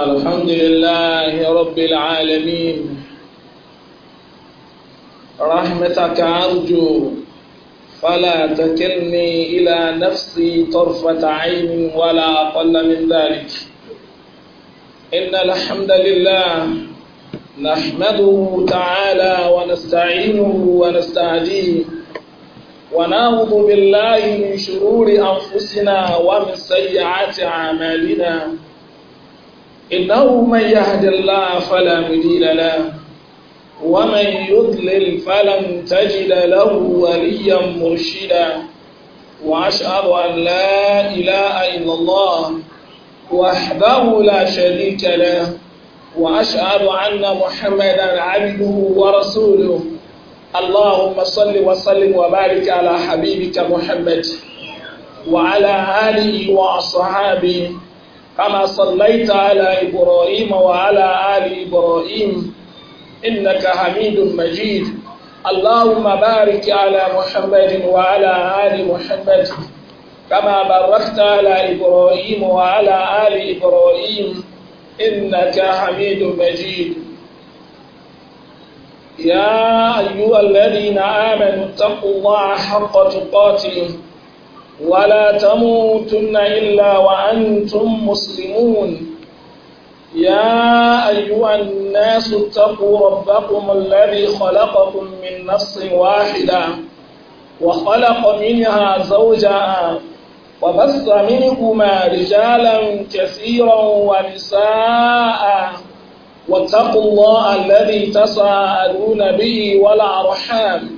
الحمد لله رب العالمين رحمتك أرجو فلا تكلني إلى نفسي طرفة عين ولا أقل من ذلك إن الحمد لله نحمده تعالى ونستعينه ونستهديه ونعوذ بالله من شرور أنفسنا ومن سيئات أعمالنا إنه من يهد الله فلا مضل له ومن يضلل فلن تجد له وليا مرشدا وأشهد أن لا إله إلا الله وحده لا شريك له وأشهد أن محمدا عبده ورسوله اللهم صل وسلم وبارك على حبيبك محمد وعلى آله وأصحابه كما صليت على إبراهيم وعلى آل إبراهيم إنك حميد مجيد اللهم بارك على محمد وعلى آل محمد كما باركت على إبراهيم وعلى آل إبراهيم إنك حميد مجيد يا أيها الذين آمنوا اتقوا الله حق تقاته ولا تموتن إلا وأنتم مسلمون يا أيها الناس اتقوا ربكم الذي خلقكم من نفس واحدة وخلق منها زوجها وبث منكما رجالا كثيرا ونساء واتقوا الله الذي تساءلون به والأرحام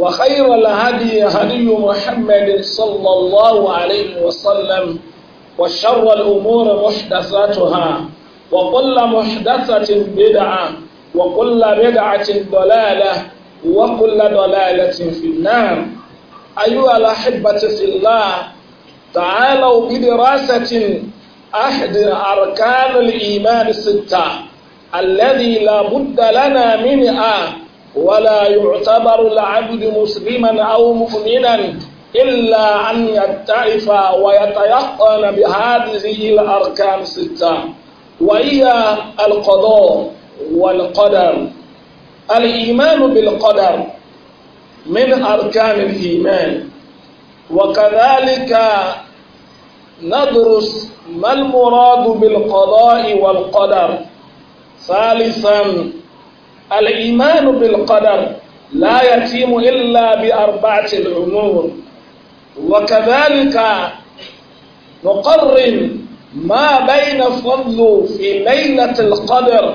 وخير الهدي هدي محمد صلى الله عليه وسلم وشر الأمور محدثاتها وكل محدثة بدعة وكل بدعة ضلالة وكل ضلالة في النار أيها الأحبة في الله تعالوا بدراسة أحد أركان الإيمان الستة الذي لا بد لنا منها ولا يعتبر العبد مسلما أو مؤمنا إلا أن يتعف ويتيقن بهذه الأركان الستة وهي القضاء والقدر الإيمان بالقدر من أركان الإيمان وكذلك ندرس ما المراد بالقضاء والقدر ثالثا الإيمان بالقدر لا يتم إلا بأربعة الأمور وكذلك نقرن ما بين فضل في ليلة القدر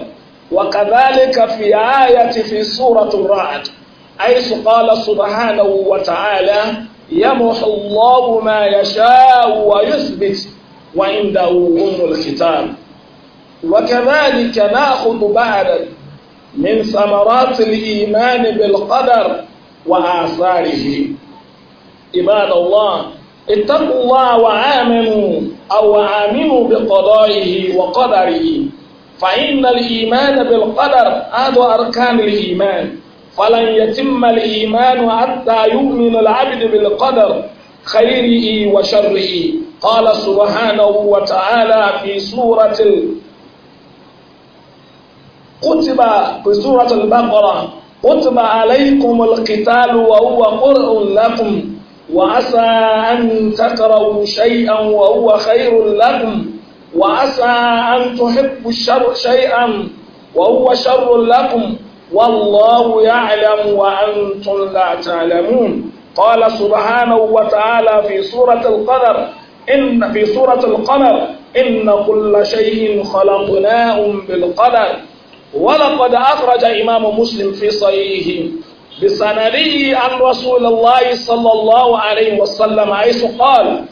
وكذلك في آية في سورة الرعد حيث قال سبحانه وتعالى يمحو الله ما يشاء ويثبت وعنده أم الكتاب وكذلك ناخذ بعد من ثمرات الإيمان بالقدر وآثاره عباد الله اتقوا الله وآمنوا أو آمنوا بقضائه وقدره فإن الإيمان بالقدر هذا أركان الإيمان فلن يتم الإيمان حتى يؤمن العبد بالقدر خيره وشره قال سبحانه وتعالى في سورة كتب في سورة البقرة كتب عليكم القتال وهو قرء لكم وعسى أن تكرهوا شيئا وهو خير لكم وعسى أن تحبوا الشر شيئا وهو شر لكم والله يعلم وأنتم لا تعلمون قال سبحانه وتعالى في سورة القمر إن في سورة القمر إن كل شيء خلقناه بالقدر ولقد أخرج إمام مسلم في صحيحه بسنده عن رسول الله صلى الله عليه وسلم حيث قال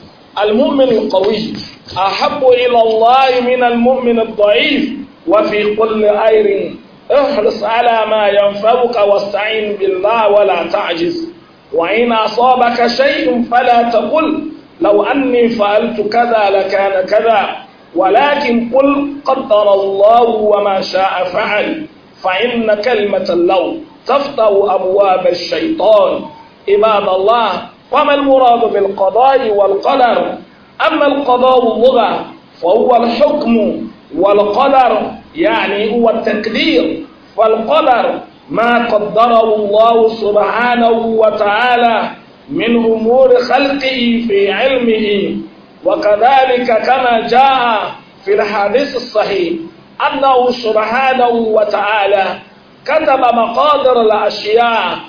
المؤمن القوي أحب إلى الله من المؤمن الضعيف وفي كل خير احرص على ما ينفعك واستعين بالله ولا تعجز وإن أصابك شيء فلا تقل لو أني فعلت كذا لكان كذا ولكن قل قدر الله وما شاء فعل فإن كلمة اللو تفتح أبواب الشيطان عباد الله وما المراد بالقضاء والقدر أما القضاء اللغة فهو الحكم والقدر يعني هو التقدير فالقدر ما قدره الله سبحانه وتعالى من أمور خلقه في علمه وكذلك كما جاء في الحديث الصحيح أنه سبحانه وتعالى كتب مقادر الأشياء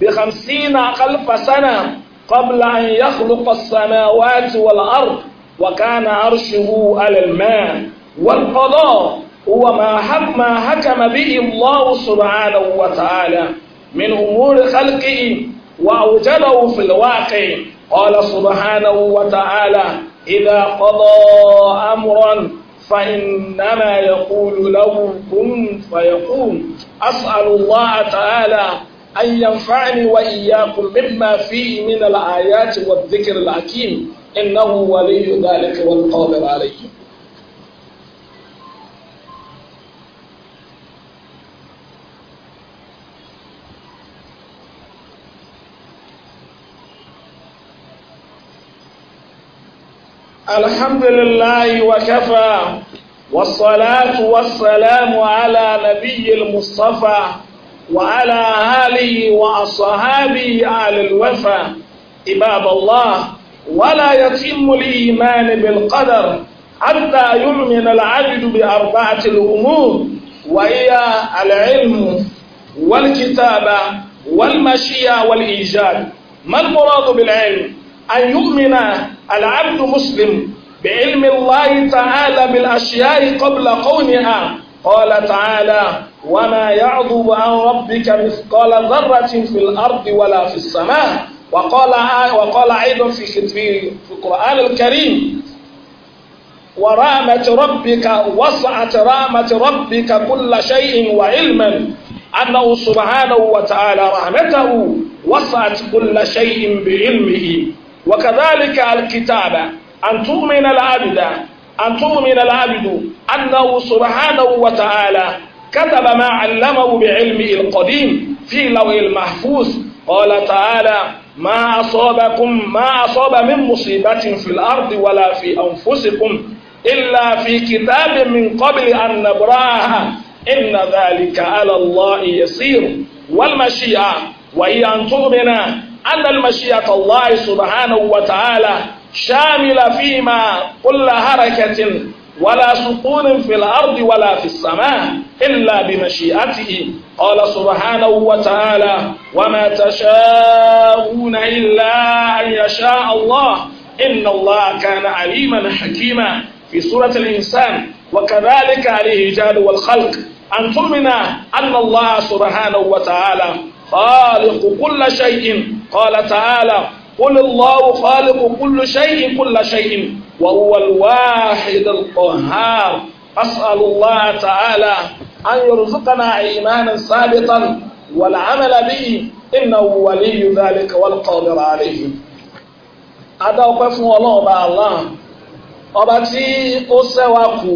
بخمسين ألف سنة قبل أن يخلق السماوات والأرض وكان عرشه على الماء والقضاء هو ما حكم به الله سبحانه وتعالى من أمور خلقه وأوجده في الواقع قال سبحانه وتعالى إذا قضى أمرا فإنما يقول له كن فيقوم أسأل الله تعالى أن ينفعني وإياكم مما فيه من الآيات والذكر الحكيم إنه ولي ذلك والقادر عليه الحمد لله وكفى والصلاة والسلام على نبي المصطفى وعلى آله وأصحابه آل الوفا عباد الله ولا يتم الإيمان بالقدر حتى يؤمن العبد بأربعة الأمور وهي العلم والكتابة والمشيئة والإيجاد ما المراد بالعلم أن يؤمن العبد مسلم بعلم الله تعالى بالأشياء قبل كونها قال تعالى وما يعظب عن ربك مثقال ذرة في الأرض ولا في السماء وقال وقال أيضا في في القرآن الكريم ورحمة ربك وسعت رحمة ربك كل شيء وعلما أنه سبحانه وتعالى رحمته وسعت كل شيء بعلمه وكذلك الكتاب أن تؤمن العبد أن تؤمن العبد أنه سبحانه وتعالى كتب ما علمه بعلمه القديم في لوح المحفوظ قال تعالى ما أصابكم ما أصاب من مصيبة في الأرض ولا في أنفسكم إلا في كتاب من قبل أن نبراها إن ذلك على الله يسير والمشيئة وهي أن تؤمن أن المشيئة الله سبحانه وتعالى شاملة فيما كل حركة ولا سكون في الأرض ولا في السماء إلا بمشيئته قال سبحانه وتعالى وما تشاءون إلا أن يشاء الله إن الله كان عليما حكيما في سورة الإنسان وكذلك عليه الإيجاد والخلق أن تؤمن أن الله سبحانه وتعالى خالق كل شيء قال تعالى قل الله خالق كل شيء كل شيء وهو الواحد القهار أسأل الله تعالى أن يرزقنا إيمانا ثابتا والعمل به إنه ولي ذلك والقادر عليه ada ọpẹ́ الله Ọlọ́run ọba allah ọba tí ó ṣẹwà kù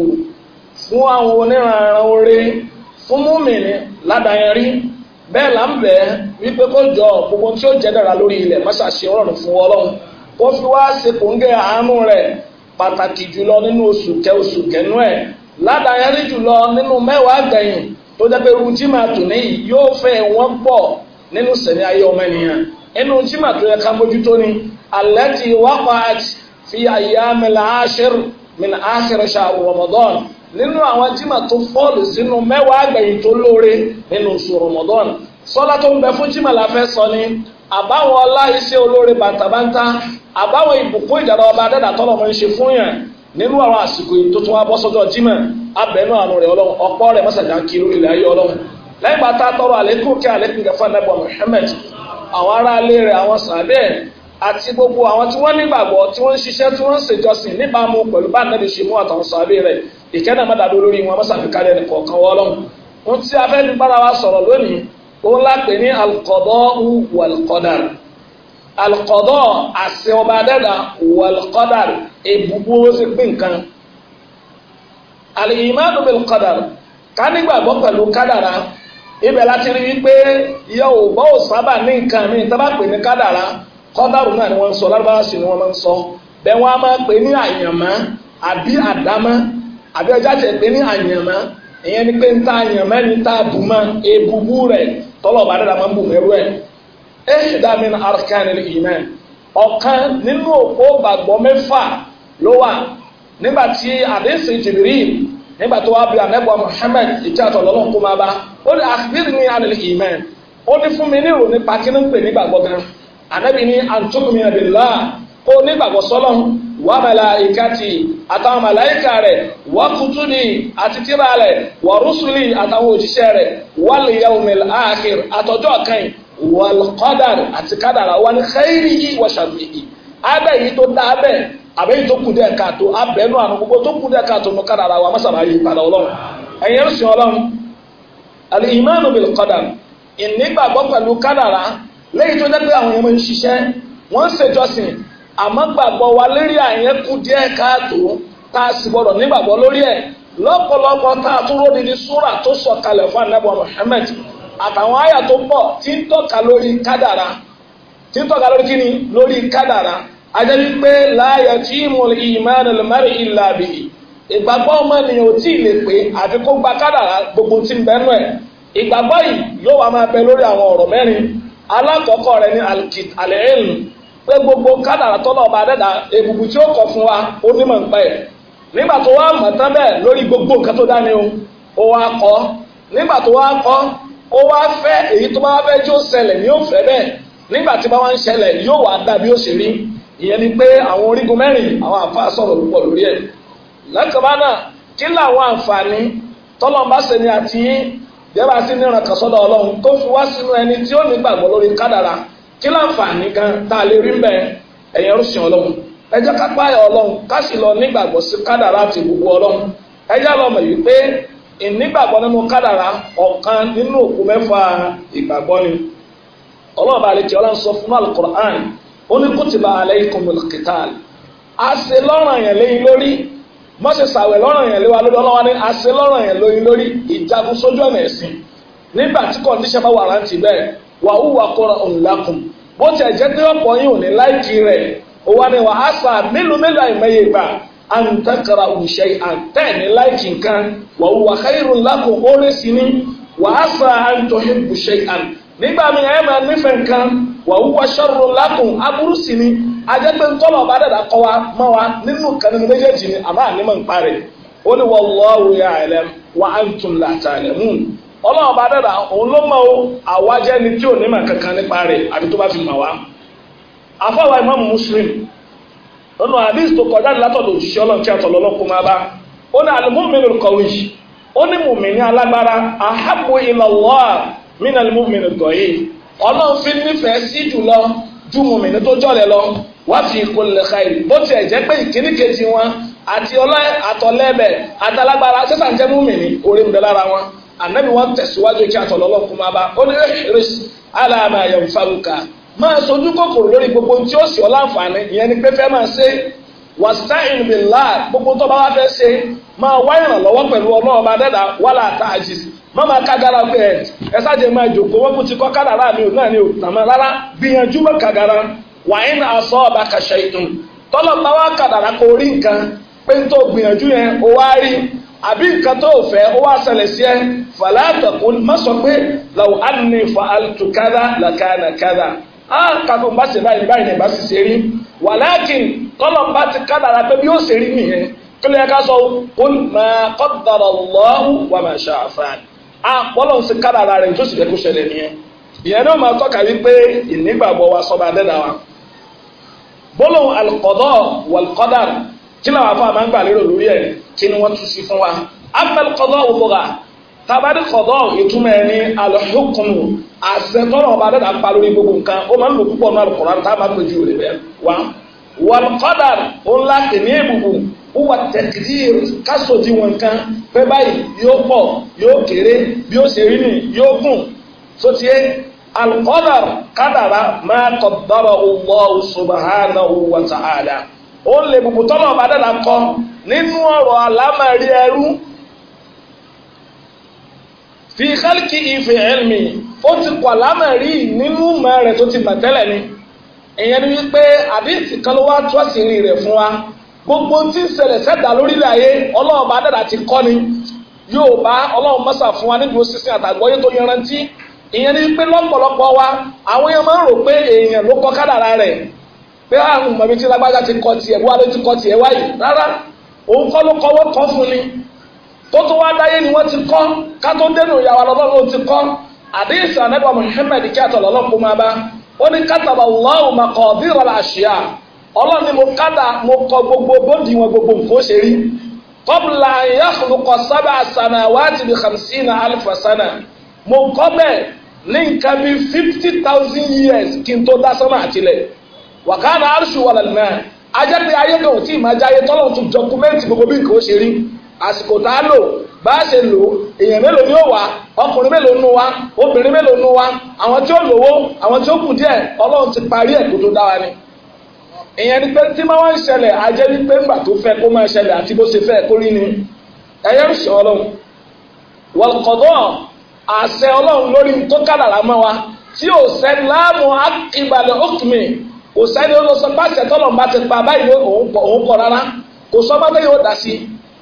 fún àwọn oníranran bẹ́ẹ̀ là ń bẹ̀ ẹ́ wípé kó jọ gbogbo tí ó jẹ́ dára lórí ilẹ̀ mọ́ṣáṣe ọlọ́run fún ọlọ́run kó fi wá ṣe kòńgẹ́ àánú rẹ̀ pàtàkì jùlọ nínú oṣù kẹ oṣù kẹnu ẹ̀ ládàáyárí jùlọ nínú mẹ́wàá gbẹ̀yìn tó jẹ́ pé irun tí màá tò ní yóò fẹ́ wọ́n pọ̀ nínú sẹ̀mí ayé ọmọ ènìyàn inú tí màá tó yẹ ká mójútó ni alẹ́ ti wákàtí fi àyà mẹ́lá áṣẹ́rù min áṣẹ́rù ṣàwọ̀ Ramadan nínú àwọn jímọ̀ tó fọ́ọ̀lù sínú mẹ́wàá àgbẹ̀yìn tó lóore nínú oṣù rọmọdọ́nù sọ́lá tó ń bẹ fún jímọ̀ la sọ ni àbáwọn ọlá iṣẹ́ olóore bàtàbàtà àbáwọn ìbùkún ìdára ọba dẹ́dà tọ́lọ̀ mọ́ ń ṣe fún yàn nínú àwọn àsìkò yìí tó tún wá bọ́ sọ́jọ́ jímọ̀ abẹ́nú àánú rẹ̀ ọlọ́run ọ̀pọ̀ rẹ̀ mọ́sàdá kí irú ilẹ̀ ayé ọlọ́run lẹ́yìn bá tá a tọrọ àlékún Muhammad àwọn ará ilé rẹ̀ àwọn sàbẹ̀ àti gbogbo àwọn tí wọ́n nígbàgbọ́ tí wọ́n ń ṣiṣẹ́ tí wọ́n ń ṣèjọsìn níbàámu pẹ̀lú bá nàbì ṣe mú àtàwọn sàbẹ̀ rẹ̀ ìkẹ́nà mọ́tàdó lórí wọn mọ́sàfikálẹ̀ nìkọ̀ọ̀kan wọ́ lọ́hùn ohun tí a ní bára wa sọ̀rọ̀ lónìí òun lápè ní alkọ̀dọ́ wàlkọ̀dàr alkọ̀dọ́ àṣẹ ọba adẹ́dà wàlkọ̀dàr èbùbù ó sì pín nǹkan alìyìmánu bilkọ̀dàr ká nígbàgbọ́ pẹ̀lú kádàrá ibẹ̀ láti rí wípé yọ ò bọ́ ò sábà ní nǹkan mi tá pè ní kádàrá kọ́dàrú náà ni wọ́n ń sọ lárúbáwá sì ni wọ́n máa ń sọ bẹ́ẹ̀ wọ́n á máa pè ní àyànmọ́ àbí àdámọ́ àbí ọjà ṣẹ̀pẹ́ ní àyànmọ́ ìyẹn ni pé ń ta àyànmọ́ ní ta bùmọ́ ebubú rẹ̀ tọ́lọ̀ bá dára máa ń bù mẹ́rú ẹ̀ ẹ̀ṣẹ̀dá mi ní arkan ìmán ọ̀kan nínú òpó gbàgbọ́ mẹ́fà ló wà nígbà tí àdéhùn Jibril nígbà tó wá bí kó máa bá ó ní ó ní fún mi ní ìròyìn pè kó nígbàgbọ́ sọ́lọ́n wà màláíkàtì àtàwọn màláíkà rẹ̀ wà kùtùbì àti tírà rẹ̀ wà rúṣùlì àtàwọn òjíṣẹ́ rẹ̀ wal yawmil akhir àtọ́jọ́ kan wal qadar àti kádàrà wà ní khairihi wà sharrihi abẹ́ yìí tó dá abẹ́ àbẹ́ yìí tó kù díẹ̀ káàtó abẹ́nu àrùn gbogbo tó kù díẹ̀ káàtó nù kádàrà wà mọ́sàmá yìí padà ọlọ́run ẹ̀yẹ́ ń àmọ́ gbàgbọ́ wa lérí àyẹn kù díẹ̀ káàtó tá a sì gbọ́dọ̀ nígbàgbọ́ lórí ẹ̀ lọ́pọ̀lọpọ̀ tá a tún ródi ní súrà tó sọ kalẹ̀ fún anábọ̀ Muhammad àtàwọn àyà tó pọ̀ tí ń tọ́ka lórí kádàrà tí ń tọ́ka lórí kíni lórí kádàrà ajẹ́bí pé láàyè tí mo ìmánu lẹ́mẹ́rin ìlà bì í ìgbàgbọ́ ọmọnìyàn ò tí ì lè pé àfi kó gba kádàrà gbogbo tí ń bẹ́nu ẹ̀ ìgbàgbọ́ yìí yóò wá máa bẹ lórí àwọn ọ̀rọ̀ mẹ́rin alákọ̀ọ́kọ́ rẹ̀ ní alẹ́ẹ̀lù pé gbogbo kádàrà tọ́lọ̀ ọba dẹ́dà èbùbù tí ó kọ̀ fún wa ó nímọ̀ nípa ẹ̀ nígbà tó wá mọ̀ tán bẹ́ẹ̀ lórí gbogbo nǹkan tó dání o ó wá kọ́ nígbà tó wá kọ́ ó wá fẹ́ èyí tó bá wá fẹ́ tí ó ṣẹlẹ̀ ni ó fẹ́ bẹ́ẹ̀ nígbà tí bá wá ń ṣẹlẹ̀ yóò wá dà bí ó sì rí ìyẹn ni pé àwọn orígun mẹ́rin àwọn àfáà sọ̀rọ̀ púpọ̀ lórí ẹ̀ lẹ́kọ̀ọ́bá náà kí ni àti yín bí ẹ bá kí láǹfààní kan tá a lè rí mbẹ ẹ̀yìn ọ̀rùsìn ọlọ́run ẹ jẹ́ ká páyà ọlọ́run ká sì lọ nígbàgbọ́ sí kádàrá àti gbogbo ọlọ́run ẹ jẹ́ lọ́mọ yìí pé ìnígbàgbọ́ nínú kádàrá ọ̀kan nínú òkú mẹ́fà ìgbàgbọ́ ni ọlọ́run bá lè kí ọlọ́run sọ fún alukur'an ó ní kùtìbà alaykumul qital àṣẹ lọ́ràn yẹn lẹ́yìn lórí mọ́ṣẹ́ sàwẹ̀ lọ́ràn yẹn léwa lórí ọlọ́wà ní àṣẹ lọ́ràn yẹn lórí ìjagun sójú ọ̀nà ẹ̀sìn nígbà tí kọ́ndíṣẹ́ bá wà láǹtì bẹ́ẹ̀ wàhù wà kọ́ra òǹlàkùn bó tiẹ̀ jẹ́ pé ọ̀pọ̀ yìí ò ní láìkì rẹ̀ òwa ni wà á sà mélòó mélòó àìmọye ìgbà àǹtàkàrà òṣè àǹtẹ̀ ní láìkì nǹkan wàhù wà káyìrò ńlákùn oore sí ni wà á sà àǹtọ̀hìn òṣè àn nígbà mi ẹ̀ máa nífẹ̀ẹ́ nǹkan wàhù wà sọ̀rọ̀ lákùn aburú sí ni ajẹ́pẹ́ ńkọ́lọ̀ ọba dàda kọ́ wa mọ́ wa nínú kanu méjèèjì ni àmọ́ ọlọ́run bá dẹ́dà òun ló mọ̀ o àwa jẹ́ ni tí ò ní mọ̀ kankan nípa rẹ̀ àbí tó bá fi mọ̀ wá. àfọwọ́ Imam Muslim nínú hadith tó kọjá látọ̀dọ̀ òṣìṣẹ́ ọlọ́run tí a tọ̀ lọ́lọ́ kó máa bá ó ní al-mu'minul qawi ó ní mùmíní alágbára ahabbu ila Allah min al-mu'minil da'if ọlọ́run fi nífẹ̀ẹ́ sí jùlọ ju mùmíní tó jọ̀lẹ̀ lọ wá fi kulli khair bó tiẹ̀ jẹ́ pé ìkíní kejì wọn ànábì wọn tẹ̀síwájú kí àtọ̀lọ́lọ́ kún máa bá ó ní rẹ́s aláàmà yẹn fáwùkà máa sojú kòkòrò lórí gbogbo tí ó sì ọ́ láǹfààní ìyẹn ni pé fẹ́ máa ṣe wàstáìn billah gbogbo tó bá wá fẹ́ ṣe máa wá ìrànlọ́wọ́ pẹ̀lú ọlọ́ọ̀bá dẹ́dà wàlá àtàjì mọ́mọ́ kagara pé ẹ̀ ẹ sáàjẹ̀ máa jòkó wọ́n kú ti kọ́ kádàrá mi ò náà ni ò tàmọ́ rárá gbìyànjú mọ́ kagara wàyín àṣọ ọba kàṣẹ ìtùn tọ́lọ́ bá wá kádàrá rí nǹkan pé ń tó gbìyànjú yẹn ó wá rí àbí nǹkan tó fẹ́ ó wá ṣẹlẹ̀ sí ẹ fàlà àtàkùn má sọ pé làwọn àdùnní fa àtùkádà làkàna kádà á kàkó bá ṣe báyìí báyìí nígbà sì ṣe rí wàláàkì kọ́lọ̀ bá ti kádàrà pé bí ó ṣe rí nìyẹn kí ló yẹ ká sọ kó má kọ́dàrà lọ́hùn wà má ṣe àfààní á kọ́lọ̀ ń ṣe kádàrà rẹ̀ tó sì fẹ́ kó ṣẹlẹ̀ nìyẹn ìyẹn náà máa tọ́ka wípé ìnígbàgbọ́ wa sọ kí làwọn afọ àmà ń gbà lérò lórí ẹ̀ kí ni wọ́n tún sí fún wa abdul kọ́dọ̀ òbúra tabadi kọ́dọ̀ ìtumọ̀ ẹ̀ ní alhukumu àṣẹ tọrọ ọba dẹ́ta ń pa lórí gbogbo nǹkan ó máa ń lò púpọ̀ náà Al-Qur'an tá a máa ń pèjú rẹ̀ bẹ́ẹ̀ wá wal qadar ńlá kìíní ìbùbù wúwa tẹ̀kìdìrì kásòdì wọn kan pé báyìí yóò pọ̀ yóò kéré bí ó ṣe rí ni yóò gùn sótìé al qadar kádàrá máa qaddara Allahu subhanahu ó lè bùkún tọ́lọ̀ ọba dàda kọ nínú ọ̀rọ̀ àlámàrí ẹrú fi kálíkì ìfẹ́ ẹ̀mí ó ti kọ àlámàrí nínú mọ̀ tó ti mọ̀ ni ìyẹn ni wípé àdéhìtì kan ló wá tú àṣírí rẹ̀ fún wa gbogbo tí ń ṣẹlẹ̀ sẹ́dá lórílẹ̀ ayé ọlọ́ọ̀ba dàda ti kọ́ ni yóò bá ọlọ́run mọ́sà fún wa nídìí sísìn àtàgbọ́yé tó yanrantí ìyẹn ni wípé lọ́pọ̀lọpọ̀ wa àwọn èèyàn máa ń rò pé èèyàn ló kọ kádàrá rẹ̀ pé àwọn ah, mọ̀mí tí lágbájá ti kọ tiẹ̀ wá ló ti kọ tiẹ̀ wáyé rárá òun kọ́ ló kọ́wọ́ kọ́ fún ni tó tó wá dáyé ni wọ́n ti kọ́ ká tó dénú ìyàwó lọ́lọ́run ti kọ́ àdéhìsì ànábà Muhammad kí àtọ̀ lọ́lọ́pọ̀ máa bá ó ní kátàbà Allahu maqadira al-ashya ọlọ́ni mo kádà mo kọ gbogbo bóńdì wọn gbogbo nǹkan ṣe rí qabla an yakhluqa sab'a samawati bi khamsina alfa mo kọ́ bẹ́ẹ̀ ní nǹkan bíi fifty thousand years kí n tó dá sánmà àtìlẹ̀ wàkàrà arṣu wà lẹ́nu náà ajẹ́ pé ayé kan ò tí ì máa jáyé tọ́lọ̀ tún dọkumẹ́ǹtì gbogbo bí nǹkan ó ṣe rí àsìkò tá a lò bá a ṣe lò èèyàn mélòó ni ó wà ọkùnrin mélòó nu wa obìnrin mélòó nu wa àwọn tí ó lówó àwọn tí ó kù díẹ̀ ọlọ́run ti parí ẹ̀ kó tó dá wa ni ìyẹn ni pé tí máa wá ń ṣẹlẹ̀ ajẹ́ ni pé ńgbà tó fẹ́ kó máa ṣẹlẹ̀ àti bó ṣe fẹ́ kó rí ni ẹ̀yẹ ń sọ ọlọ́run wọ̀lùkọ̀dọ́ àṣẹ ọlọ́run lórí tó kádàrá mọ́ wa tí ò sẹ́ láàmú àkìbalẹ̀ òkùnmí kò sẹ́ni ó lọ sọ pàṣẹ tọ́lọ̀ bá ti pa báyìí òun kọ̀ rárá kò sọ ma bẹ́ẹ̀ yóò dà sí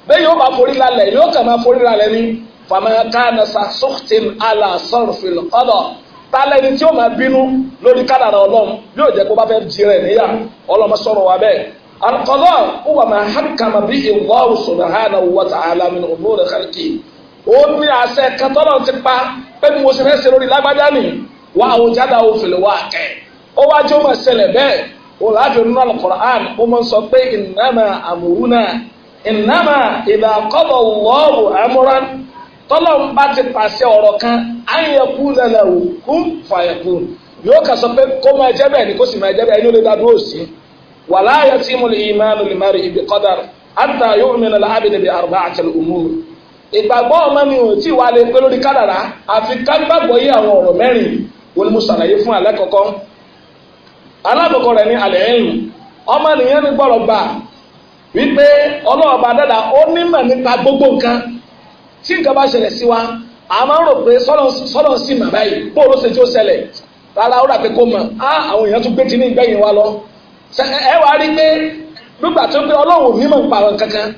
bẹ́ẹ̀ yóò bá forí lálẹ̀ yóò kà máa forí lálẹ̀ ní fàmẹ́kánasa sọ́ọ̀tìm àlà sọ́ọ̀fìl ọ̀dọ̀ tálẹ́ni tí ó máa bínú lórí kádàrà ọlọ́run yóò jẹ́ kó bá fẹ́ di rẹ̀ níyà ọlọ́mọ wa bẹ́ẹ̀ alukọ́dọ̀ wà máa hákàmà bí ìwọ́rù sọ̀rọ̀hánà wà ó wá jẹ́ ó máa ṣẹlẹ̀ bẹ́ẹ̀ olùhàbíọ́nù alukur'an ó máa ń sọ pé ìnáma àmúrúnà ìnáma ìlà kọ́bọ̀ wọ́ọ̀wù amúrán tọ́lọ̀ ń bá ti pàṣẹ ọ̀rọ̀ kan ayẹ̀kú lẹ́lẹ̀ òkú fàyẹ̀kú yóò kà sọ pé kó máa jẹ́ bẹ́ẹ̀ ni kó sì máa jẹ́ bẹ́ẹ̀ ẹni ó lè dá dúró sí i wàláyà tí mo lè ìmánu lè má rí ibi kọ́dàr àtà yóò mìíràn láàbìnrin bí àrùbá àtẹlẹ òmùrù ìgbàgbọ́ ọmọ mi ò tí wàá lè pé lórí kádàrá àfi ká gbàgbọ́ yé àwọn ọ̀rọ̀ mẹ́rin wọn ni mo ṣàlàyé fún alẹ́ kọ̀ọ̀kan alákọ̀ọ́kọ́ rẹ̀ ní ala ìlú ọmọ nìyẹn ní gbọ́dọ̀ gbà wípé dada ó nípa gbogbo nǹkan tí nǹkan bá ṣẹlẹ̀ sí wa a rò pé sọ́dọ̀ sí mà báyìí ṣe tí ó ṣẹlẹ̀ rárá ó dàbí kó mọ̀ á àwọn èèyàn wa lọ ẹ wá rí pé nígbà tó kankan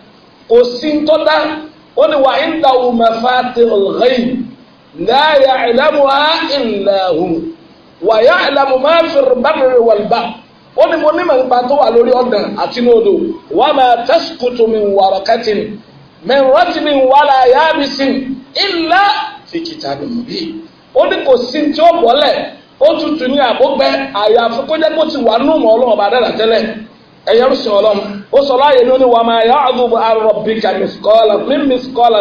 kò sí ń ó ní wà ń mẹ́fà yìí ìlà wa ya'lamu ma fil barri wal bahri ó ní mo nímọ̀ nípa tó wà lórí ọ̀dàn àti ní odò wa ma tasqutu min waraqatin min ratbin wala yabisin illa fi kitabin mubin ó ní kò sí tí ó bọ́lẹ̀ ó tutù ní àbúgbẹ́ àyàfi kó jẹ́ kó ti wà nù mọ́ ọlọ́run bá dára tẹ́lẹ̀ ẹ̀yẹ́rù sí ọlọ́run ó sọ láàyè ní ó ní wa ma ya'zubu an rabbika mithqala min mithqala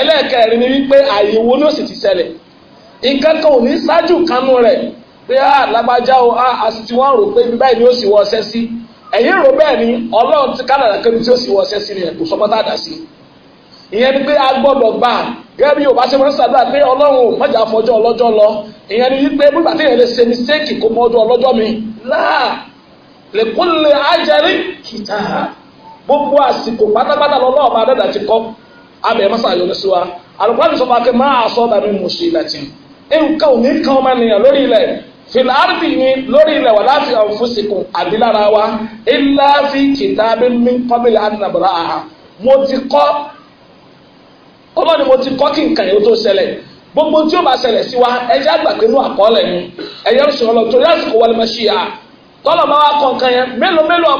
ẹlẹ́ẹ̀kẹrin ni wípé àyèwò ló sì ti ṣẹlẹ̀ ìkẹ́kọ̀ọ́ ò ní ṣáájú kanú rẹ̀ pé a ah, lágbájá o ah, a sì ti wọ́n rò pé ibi báyìí ni ó sì wọ ọṣẹ́ sí ẹ̀yìn rò bẹ́ẹ̀ ni ọlọ́run ti kánàdà kébi tí ó sì wọ ọṣẹ́ sí ni ẹ̀kọ́ sọpọ́tà dà sí ìyẹn ni pé a gbọ́dọ̀ gbà gẹ́gẹ́ bí yorùbá ṣe máa ń ṣàdúrà pé ọlọ́run ò mọ̀jà fọjọ́ ọlọ́jọ́ lọ ìyẹn ni wípé bígbà tí èèyàn lè ṣe mistake kó mọ ọjọ́ ọlọ́jọ́ mi láà lè kún lè ájẹrí kìtà gbogbo àsìkò pátápátá lọ́lọ́ọ̀ máa dẹ́dà ti kọ́ abẹ masa ayọlẹ sí wa alukóni sọ pàkẹ máa sọ dàbí musibatin nǹkan ò ní kan ọmọ ènìyàn lori ilẹ̀ filardi ni lórí wa illa fi kitabin min qabli an nabra'aha mo ti kọ́ ọlọ́ni mo ti kọ́ kí gbogbo tí wa ni ẹ̀yẹ́ ń sọ̀rọ̀ torí àsìkò wọlé mọ́ sí i à tọ́lọ̀ máa wá kọ̀ọ̀kan yẹn mélòó mélòó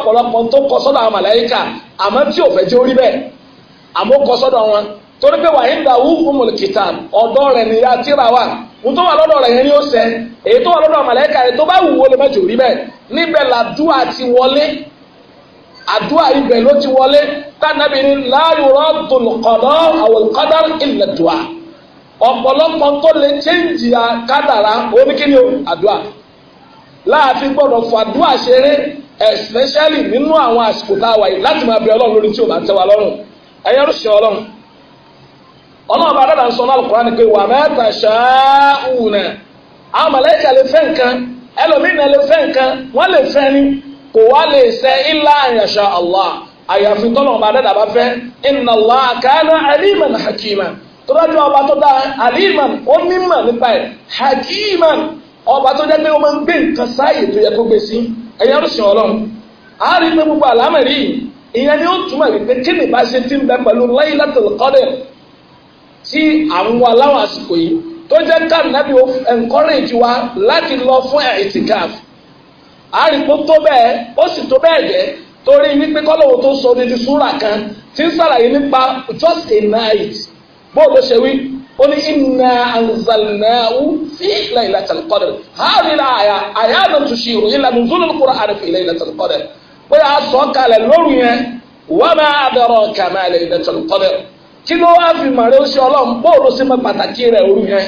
àmọ́ kọ sọ́dọ̀ wọn torí pé wàhíì dàwú ọmọlùkìtà ọ̀dọ́ rẹ̀ ni àtìrà wà ohun tó wà lọ́dọ̀ rẹ̀ yẹn ni ó sẹ́ èyí tó wà lọ́dọ̀ màlẹ́kà yẹn tó bá wù wọlé mẹ́jọ rí bẹ́ẹ̀ níbẹ̀ làdúà ti wọlé àdúà ibẹ̀ ló ti wọlé tànàbí ni láàyò rọ́ọ̀dùn kọ̀dọ̀ àwọn kọ́dọ̀ ilẹ̀ dùà ọ̀pọ̀lọpọ̀ tó lè chéǹjì kádàrá oníkíni àdúà láàfin gbọ́dọ̀ fàdúà ṣeré especially nínú àwọn àsìkò tá a wà yìí láti máa bẹ ọlọ́run lórí tí ò bá tẹ́ wa ẹ̀yẹ́rù sí ọlọ́run ọlọ́run bá dáadáa ń sọ ní Al-Qur'an ni pé wà mẹ́ta ṣááùnà àwọn mọ̀lẹ́kà lè fẹ́ nǹkan ẹlòmínà lè fẹ́ nǹkan wọ́n lè fẹ́ ni kò wá lè ṣe illa an yasha Allah àyàfi tọ́lọ̀ ọba dáadáa bá fẹ́ inna Allah kana aliman hakima tó ọba tó dá aliman ó nípa ẹ̀ hakiman ọba tó jẹ́ pé gbé nǹkan sáàyè tó yẹ kó gbé sí ẹ̀yẹ́rù sí àárín gbogbo àlámẹ̀rí yìí ìyẹn ni ó túmọ̀ wípé kí ni bá ṣe ti ń bẹ pẹ̀lú Laylatul Qadr tí àwọn aláwọ̀ àsìkò yìí tó jẹ́ káànábì ó encourage wa láti lọ fún ẹ̀ẹ́tìkáàfù àríkó tó bẹ́ẹ̀ ó sì tó bẹ́ẹ̀ jẹ́ torí wípé kọ́lọ́wọ́ tó sọ ní di súrà kan tí ń sàlàyé nípa just a night bó ló ṣe wí ó ní inna anzalnahu fi Laylatul Qadr hàbí àyà àyà ló ìròyìn lànà nzúlù Qur'an fi Laylatul Qadr pé a sọ kalẹ̀ lóru yẹn wọ́n máa adọ̀rọ̀ kàmá ilẹ̀ ìdẹ̀tọ̀lù kọ́dẹ̀ kí ló wá fi màrí ó ṣe ọlọ́run bóòlù sí mọ́ pàtàkì rẹ̀ òru yẹn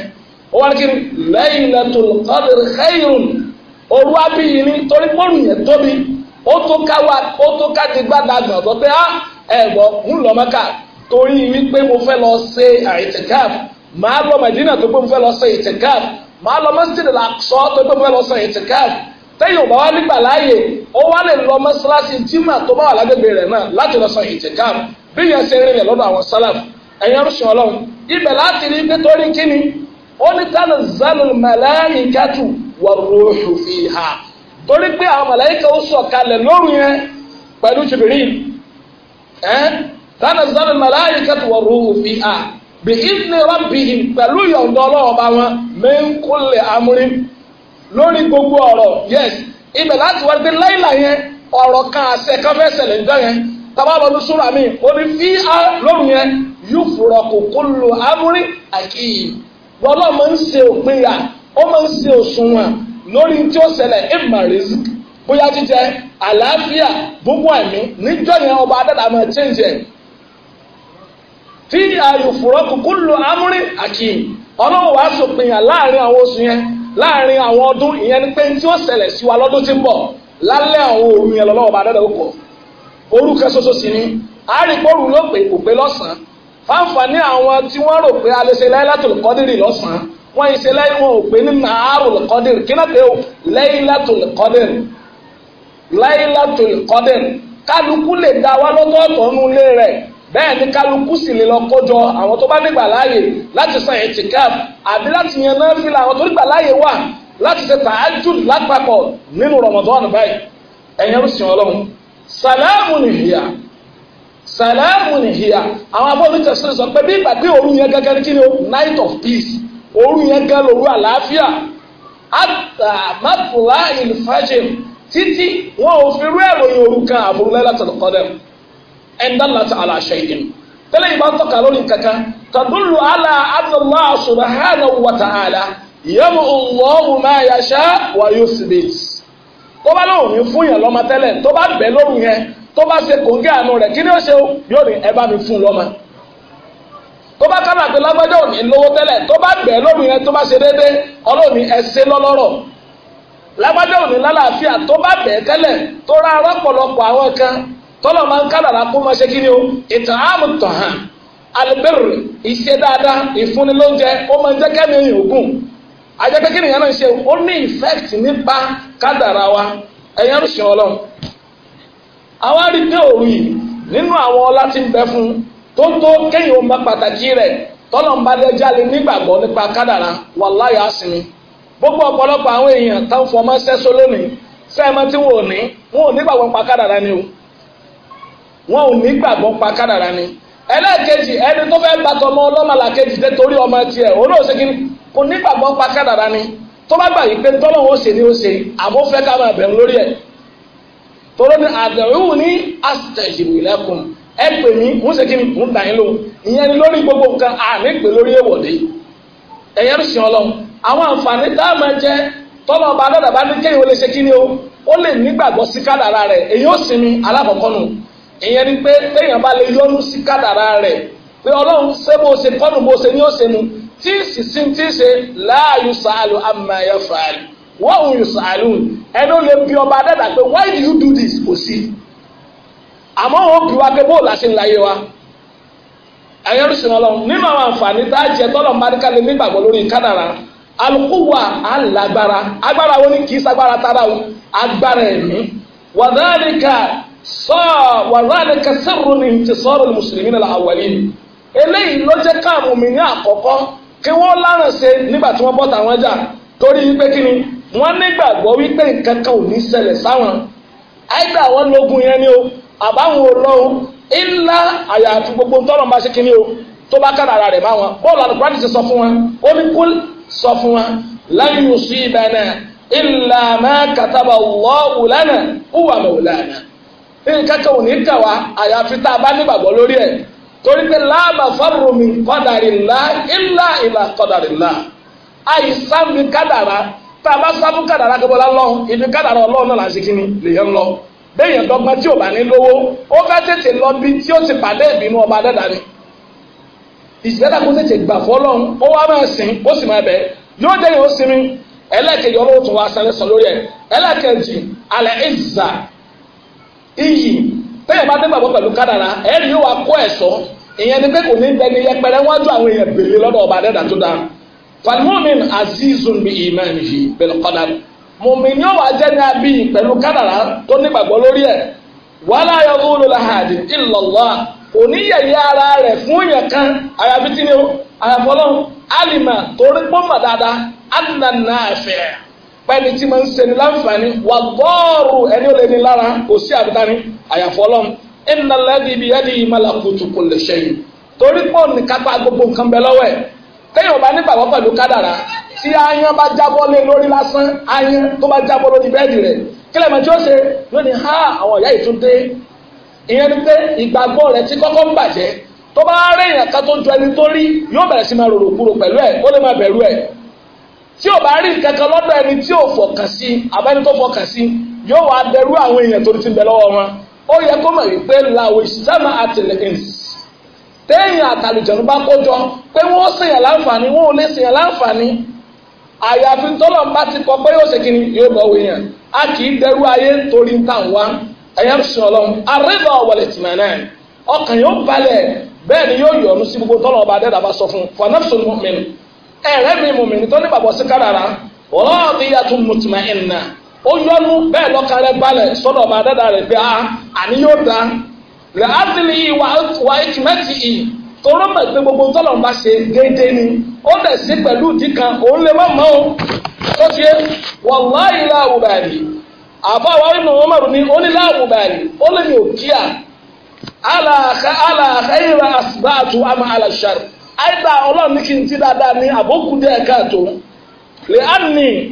ó wá kí Laylatul Qadr khayrun òru abíyí ni torí bóòlù yẹn tóbi ó tó ká wá ó tó ká ti gbádà gbọ̀n tó pé ẹ gbọ́ ń lọ Mẹ́kà torí wípé mo fẹ́ lọ ṣe àìtẹ̀káf màá lọ Mẹdínà tó pé mo fẹ́ lọ ṣe àìtẹ̀káf màá lọ Masjid al tó pé mo fẹ́ lọ ṣe àìtẹ̀káf tẹ́yìn ò bá wá nígbà láàyè ó wá lè lọ mọ́ṣáláṣí jimá tó bá wà lágbègbè rẹ̀ náà láti lọ san ìtìkáàmù bí yẹn ṣe rìnrìn lọ́dọ̀ àwọn sálàfù ẹ̀yin arúṣin ọlọ́run ibẹ̀ láti rí pé torí kíni ó ní tánà zálù màláíkàtù wà rúùhù fíhà torí pé àwọn màláíkà ó sọ̀ kalẹ̀ lóru yẹn pẹ̀lú Jibril tánà zálù màláíkàtù wà rúùhù fíhà bí ìdílé pẹ̀lú ọlọ́ọ̀bá wọn gbogbo ọ̀rọ̀ yes ibẹ̀ láti wá pé láìla yẹn ọ̀rọ̀ kan àṣẹ kan fẹ́ ṣẹlẹ̀ níjọ́ yẹn tàbá lọ́dún súra mi ó ní fí lóru yẹn yóò fura kò kó lo amúrí àkíyì lọ́lọ́ máa ń ṣe òpin yà ó máa ń ṣe òṣùwọ̀n lórí tí ó gbogbo ẹ̀mí níjọ́ yẹn ọba adẹ́dàá máa change ẹ̀ Fi ayò fura kò kó lo amúrí ọlọ́run wàá láàrin àwọn ọdún ìyẹn ni pé tí ó ṣẹlẹ̀ sí wa lọ́dún tí ń bọ̀ lálẹ́ àwọn òru yẹn lọ́wọ́ bá dọ́dọ̀ kọ̀ òru kan ṣoṣo sì ni àárìkóòrù ló pè kò pé lọ́sàn-án fáǹfààní àwọn tí wọ́n rò pé a lè ṣe Laylatul Qadri lọ́sàn-án wọ́n ṣe lẹ́yìn wọn ò pé ní Naharul Qadri kí náà pé o Laylatul Qadri Laylatul Qadri kálukú lè dá wa lọ́tọ̀ọ̀tọ̀ nulẹ̀ rẹ̀ bẹ́ẹ̀ ni kálukú sì lè lọ kójọ àwọn tó bá nígbà láàyè láti san etikaf àbí láti yan náfìlà àwọn tó nígbà láàyè wà láti ṣe tahajjud lápapọ̀ nínú Ramadan báyìí ẹ̀yẹ́ ń sìn ọlọ́run sàlámù nìhìyà sàlámù nìhìyà àwọn abọ́ọ̀lù tẹ̀sán sọ pé bí ìpàdé òru yẹn gẹ́gẹ́ ní kíni o night of peace òru yẹn gẹ́gẹ́ lóru àlàáfíà àtàmátùlá ìlfàjẹ títí wọn ò fi rú ẹ̀rọ yẹn òru kan ẹ̀ńdàlàtà ala ìdìn tẹ́lẹ̀ ìbá ń tọ́ka lórí kankan tàdúlù àlà àdàlá ala wa ta'ala yẹ́mu Allahu ma yasha wa yuthbit fún yẹn lọ́mọ tẹ́lẹ̀ tó bá bẹ̀ yẹn tó ṣe àánú kí ni ó ṣe yóò ní ẹ bá mi fún lọ́mọ tó bá pé lágbájá òní lówó tẹ́lẹ̀ tó bá bẹ̀ yẹn ṣe ọlọ́ọ̀ni tọ́lọ̀ máa ń kádàrà kó máa ṣe kí ni o ìtàn àmì tàn hàn alibẹ́rù iṣẹ́ dáadáa ìfúnni lóúnjẹ ó máa ń jẹ́ kẹ́mi èèyàn ògùn ajẹ́pẹ́ kí nìyẹn náà ṣe ó ní effect nípa kádàrà wa ẹ̀yẹn ń ṣàn àwọn òru yìí nínú àwọn ọlá ti ń bẹ fún tó tó ọmọ pàtàkì tọ́lọ̀ ń bá nígbàgbọ́ nípa kádàrà wà láyà sinmi gbogbo ọ̀pọ̀lọpọ̀ àwọn èèyàn táwọn fọmọ́ wọn ò ní gbàgbọ́ pa kádàrá ni ẹlẹ́ẹ̀kejì ẹni tó fẹ́ gbàtọ̀ ọmọ ọlọ́mọlà kejì tẹ torí ọmọ tiẹ̀ olóòsè kí kò ní gbàgbọ́ pa kádàrá ni tó bá gbà yí pé tọ́lọ́wọ́ ó ṣe ni ó ṣe àmọ́ fẹ́ ká máa bẹ̀rù lórí ẹ̀ tọ́lọ́ ni àdàrúhù ní àṣìṣẹ̀ṣìwì lẹ́kùn ẹ pè mí ń ṣe yín lò ìyẹn ni lórí gbogbo nǹkan àní pè lórí èwọ̀dé ẹ̀yẹ́ ń sìn ọlọ́run àwọn àǹfààní tá a máa jẹ tọ́lọ́ ọba adọ́dàbá ní kéèyàn ó ṣe kí ni o ó lè nígbàgbọ́ sí kádàrá rẹ̀ èyí ó sinmi alákọ̀ọ́kọ́ nù ìyẹn ni pé téèyàn bá lè yọnu sí kádàrá rẹ̀ pé ọlọ́run ṣé bó ṣe kọ́nù bó ṣe ní ó ṣe nu tí sì sí tí ṣe láàyò sàálù àmà fàálù wọ́n ò sàálù ẹni lè bí ọba dẹ́dà pé why do you do this kò sí àmọ́ wọn bí wa pé bó la ṣe ń láyé wa ẹ̀yọ́ ló ṣe wọn lọ nínú àwọn àǹfààní tá a jẹ tọ́lọ̀ mbàdíkà lè nígbàgbọ́ lórí kádàrá alukuwa alágbára agbára wo ni kì í sagbára tára o agbára ẹ̀mí wàdánìkà sọ wàlúwàlú kẹsìrún ní ti sọ̀rọ̀ mùsùlùmí náà àwọlé eléyìí ló jẹ́ káàmù mi ní àkọ́kọ́ kí wọ́n láràn ṣe nígbà tí wọ́n bọ́ tàwọn jà torí wípé kí ni wọ́n nígbàgbọ́ wípé nǹkan kan ò ní ṣẹlẹ̀ sáwọn àìgbà wọn lógun yẹn ni o àbáwọn olóhùn ńlá àyàfi gbogbo tọ́lọ̀ bá ṣe kí ni o tó bá kára ara rẹ̀ má wọn bọ́ọ̀lù àlùkùránì ti sọ fún wọn ó ní kó sọ fún wọn láyé oṣù ìbẹ̀rẹ̀ illa ma kataba Allahu lana huwa maulana nǹkan kan ò ní fita wá àyàfi tá a bá nígbàgbọ́ lórí ẹ̀ torí pé láàbà fárùmí kọ́dàrí ńlá ńlá ìlà kọ́dàrí ńlá àìsàmì kádàrá tá a bá sáfù kádàrá kébọ́lá lọ ibi kádàrá ọlọ́run náà láti kíni lèyàn lọ bẹ́ẹ̀ yẹn dọ́gbọ́n tí ò bá ní lówó ó fẹ́ tètè lọ bí tí ti pàdé ìbínú ọba dẹ́dà ni ìsìlẹ́dà kó tètè gbà fọ́lọ́run ó iyì bẹ́ẹ̀ bá dẹ́gbàgbọ́ pẹ̀lú kádàrà ẹ̀rí yóò wá kó ẹ̀sọ́ ìyẹn ni pé kò ní yẹpẹrẹ àwọn èèyàn bèèrè lọ́dọ̀ ọba dẹ́dà tó dáa falimomin azizun bi imanihi pẹ̀lú kádàrà mùmíní yóò wá jẹ́ ní abí pẹ̀lú kádàrà tó nígbàgbọ́ lórí ẹ̀ wàhálà yọ ìlọ̀lá ara rẹ̀ fún yẹn kan torí dáadáa pẹ́ẹ́lí tí máa ń ṣeni láǹfààní wà bọ́ọ̀rù ẹni ò lè ní lára kò sí àbítání àyàfọ́ ọlọ́run inna alladhi biyadihi malakutu kulli shay torí pọ̀ ní kápá gbogbo nǹkan bẹ lọ́wọ́ ẹ̀ kéèyàn bá nígbàgbọ́ pẹ̀lú kádàrá tí aáyán bá jábọ́ lé lórí lásán aáyán tó bá jábọ́ lórí bẹ́ẹ̀dì rẹ̀ kílẹ̀ mọ̀ tí ó ṣe lónìí ha àwọn ìyá ìtúndé ìyẹn ni pé ìgbàgbọ́ rẹ̀ ti kọ́kọ́ ń bàjẹ́ tó bá rí èèyàn ẹni tó rí yóò bẹ̀rẹ̀ sí máa rorò kúrò pẹ̀lú ẹ̀ ó lè máa bẹ̀rù ẹ̀ tí o bá rí nǹkan kan lọ́dọ̀ ẹni tí ò fọkàn sí abẹ́ni tó fọkàn sí yóò wá dẹrú àwọn èèyàn tó ti bẹ lọ́wọ́ wọn ó yẹ kó mọ̀ wípé làwọn ìsìlámù àtìlẹ́yìn téèyàn àtàlùjọ̀nù bá kójọ pé wọ́n ṣèyàn láǹfààní wọ́n ò lè ṣèyàn láǹfààní àyàfi tọ́lọ̀ bá ti kọ pé yóò ṣe kí ni yóò bọ̀ wọ èèyàn a kì í dẹrú ayé torí ń tà wá ẹ̀yà sùn ọlọ́run àríwá ọ̀wọ̀lẹ̀ tìmọ̀ náà ọkàn yóò balẹ̀ bẹ́ẹ̀ ni yóò yọ̀ọ́nù sí gbogbo tọ́lọ̀ ọba adẹ́dàbà sọ fún fanafsol mọ́mìnrin ẹ̀rẹ́ mi mùmìnì tó nígbàgbọ́ sí kádàrá rọ́ọ̀dì yàtún mùtìmá ìnà ó yọnu bẹ́ẹ̀ lọ́kàn balẹ̀ sọ́dọ̀ ọba dada rẹ̀ bí a àní yóò da rẹ̀ ádìlì wà ìtìmẹ́tì ì torọ́ mọ̀ pé gbogbo tọ́lọ̀ ń bá ṣe déédéé ni ó dẹ̀ sí pẹ̀lú òun lè má mọ́ o tó ti yé wàláyé láàwù báyìí àbá wa inú wọn mọ̀rún ni ó ní láàwù báyìí ó lè mi ò kíyà ìrà àìdá ọlọ́run ní ti dáadáa ní àbókù díẹ̀ káàtó lè á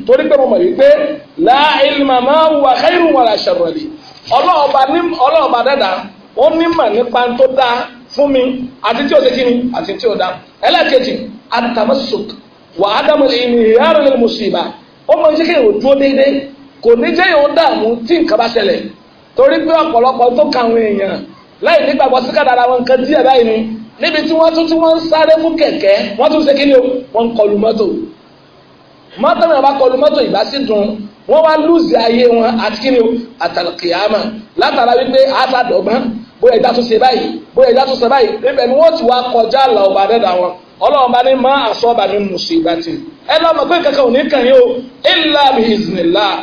torí pé mo mọ̀ wípé ma huwa khairun wala sharra li ọlọ́ọ̀ba dẹ́dà ó nímọ̀ nípa tó dáa fún mi àti tí o ṣe kí ni àti tí ó dáa wà lè ó jẹ́ kí dúró kò ní jẹ́ dààmú tí nǹkan bá ṣẹlẹ̀ torí pé ọ̀pọ̀lọpọ̀ tó èèyàn láì nígbàgbọ́ sí níbi tí wọ́n tún tí wọ́n ń sáré fún kẹ̀kẹ́ wọ́n tún ṣe kíni o wọ́n ń kọlu mọ́tò mọ́tò náà bá kọlu mọ́tò ìbá sì dùn wọ́n wá lùzì ayé wọn àti kíni o àtàlùkìyàmà látara wípé àtàdọ̀gbọ́n bóyá ìdá tún ṣe báyìí bóyá ìdá tún ṣe báyìí níbẹ̀ ni wọ́n ti wá kọjá àlà ọba dẹ́dà wọn ọlọ́run bá ní máa àsọ́ọ̀bà ní musibati ẹ lọ́ pé kankan ò ní kàn yín o illa bi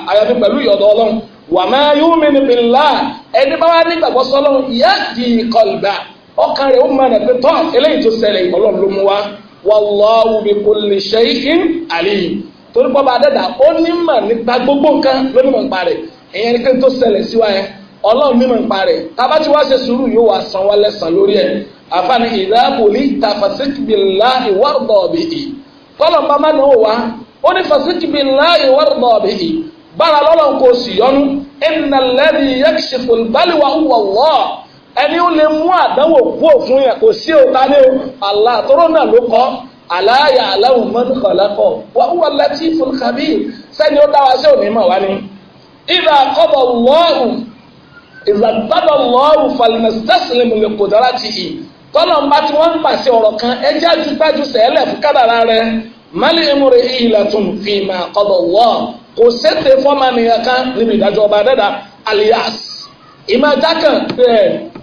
àyàfi pẹ̀lú ìyọ̀dọ̀ ọlọ́run wa ma yu'minu billah ẹni bá wá nígbàgbọ́ sọ́lọ́run yahdi qalba ọkàn rẹ̀ ó máa nà pé tọ́ eléyìí tó ṣẹlẹ̀ Ọlọ́run ló mú wa wallahu bi kulli shay'in alim torí pọ́ bá dẹ́dà ó nímọ̀ nípa gbogbo nǹkan lónìmọ̀ nípa rẹ̀ ìyẹn ni pé tó ṣẹlẹ̀ sí wa yẹn ọlọ́run mímọ̀ ń parẹ̀ tábà tí wàá ṣe sùúrù yóò wá san wá lẹ́sàn lórí ẹ̀ àfààní ìdáàbòlì ta fàṣíkìbìlá ìwárùdọ̀ ọ̀bì yìí bá má náwó wá ó ní fàṣíkìbìlá ìwárùdọ̀ ọ̀bì bára lọ́lọ́run ẹni ó lè mú àdánwò kú òfun yẹn kò sí òta ní Allah àtọ́rọ́ náà ló kọ́ aláyà aláwọ̀ mọ́nìkọ̀lẹ́kọ̀ wà wúwo lẹ́tí fúnkàbí sẹ́ni ó dá wa sí òní mọ̀ wá ní. ìlà àkọ́bọ̀ lọ́ọ̀rù ìlàgbàbọ̀ lọ́ọ̀rù falimẹ́sítẹ́sìlẹ̀mù lè kò dára ti yìí tọ́lọ̀ ń bá tí wọ́n ń pàṣẹ ọ̀rọ̀ kan ẹjẹ́ àjùpájú sẹ́lẹ̀ fún kádàrá rẹ mali emure ilatun fima kọ́bọ̀ wọ́ kò sẹ́tẹ̀ fọ́ọ̀mà alias ìmọ̀ dákàn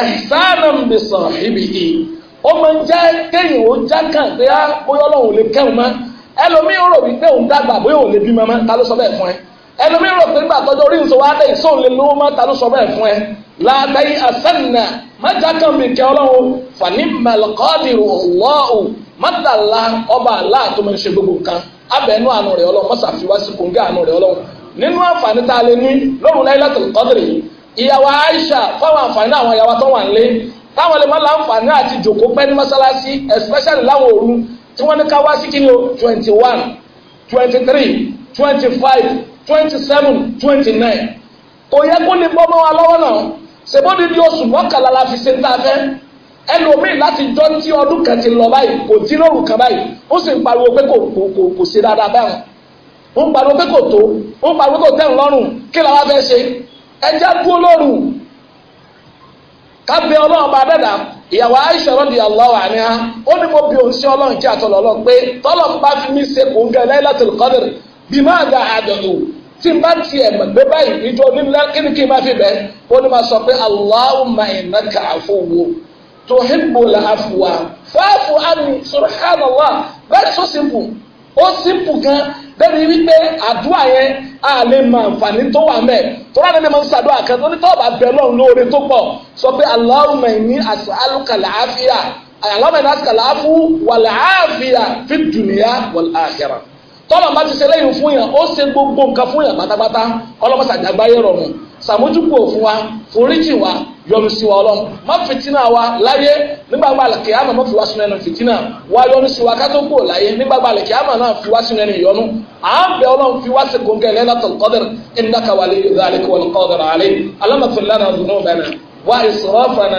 ẹ̀sánà ń bẹ sọ̀rọ̀ ibi yìí ó máa ń jẹ́ kéèyàn ó já kàn pé á ah, bóyá ọlọ́run lè kẹ́hùn mọ́ ẹlòmíín rò wípé òun dàgbà bóyá òun lè bí mọ́mọ́ ta ló sọ bẹ́ẹ̀ fún ẹ ẹlòmíín rò pé nígbà tọ́jú orí ìṣòwò adé ìṣòwò lè lówó mọ́ ta ló sọ bẹ́ẹ̀ fún ẹ làbẹ́yì àsánà má já kẹ́ ọlọ́run fani malakadiru ọlọ́ọ̀ mọ́tàlá ọba aláàtọ́ máa gbogbo ìyàwó Aisha fáwọn àǹfààní àwọn ìyàwó tó wà nílé táwọn lè má láǹfààní àti jòkó pẹ́ ní mọ́sálásí especially láwọn òru tí wọ́n ní ká wá sí kí ni o twenty one twenty three twenty five twenty seven twenty nine kò yẹ kó lè bọ́ mọ́ wa lọ́wọ́ náà ṣèbódi di oṣù mọ́kànlá la fi ṣe ń ta fẹ́ ẹlòmíì láti jọ tí ọdún kan ti lọ báyìí kò tí lóru kan báyìí ó sì ń pariwo pé kò kò kò kò ṣe dáadáa báwọn ó ń pariwo pé kò tó ó ń pariwo pé kò tẹ́hùn lọ́rùn kí la wá fẹ́ ṣe ẹja dúró lóru kábẹ Ọlọ́run bá dẹdà ìyàwó Aisha radiyallahu anha ó ní mo bí òun sí Ọlọ́run kí àtọlọ lọ pé tọlọ bá fi mí ṣe kò ń gẹ Lailatul Qadr bí máa ga àdọ̀tò tí n bá tiẹ̀ mọ̀ pé báyìí ìjọ onílẹ̀ kí ni kí n máa fi bẹ́ẹ̀ ó ní máa sọ pé Allahumma innaka afuwwu tuhibbul afwa fa'fu anni subhanallah very so simple ó simple gan bẹ́ẹ̀ni wípé àdúrà yẹn a lè mọ àǹfààní tó wà mẹ́ tọ́lá ní mímọ́ sàdúrà kan tó ní tọ́ọ̀bà bẹ̀ lọ́run lóore tó pọ̀ sọ pé Allahumma inni as'aluka al-afiya Allahumma inni as'aluka al-afu wal-afiya fi dunya wal-akhirah tọ́lọ̀ bá ti ṣe lẹ́yìn fún yàn ó ṣe gbogbo nǹkan fún yàn pátápátá ọlọ́mọ sàdàgbáyé rọrùn sàmójúkú òfin wa foríjì wa yọ́nú sí wa ọlọ́run má fìtínà wa láyé nígbàgbà àlàkè àmà má fi wá sínú ẹnu fìtínà wá yọ́nú sí wa kátó kúrò láyé nígbàgbà àlàkè àmà náà fi wá sínú ẹnu ìyọ́nú à ń bẹ ọlọ́run fi wá sí gòńgẹ́ lailatul qadr innaka waliyyu dhalika wal qadiru alayh allahumma ighfir lana dhunubana wa israfana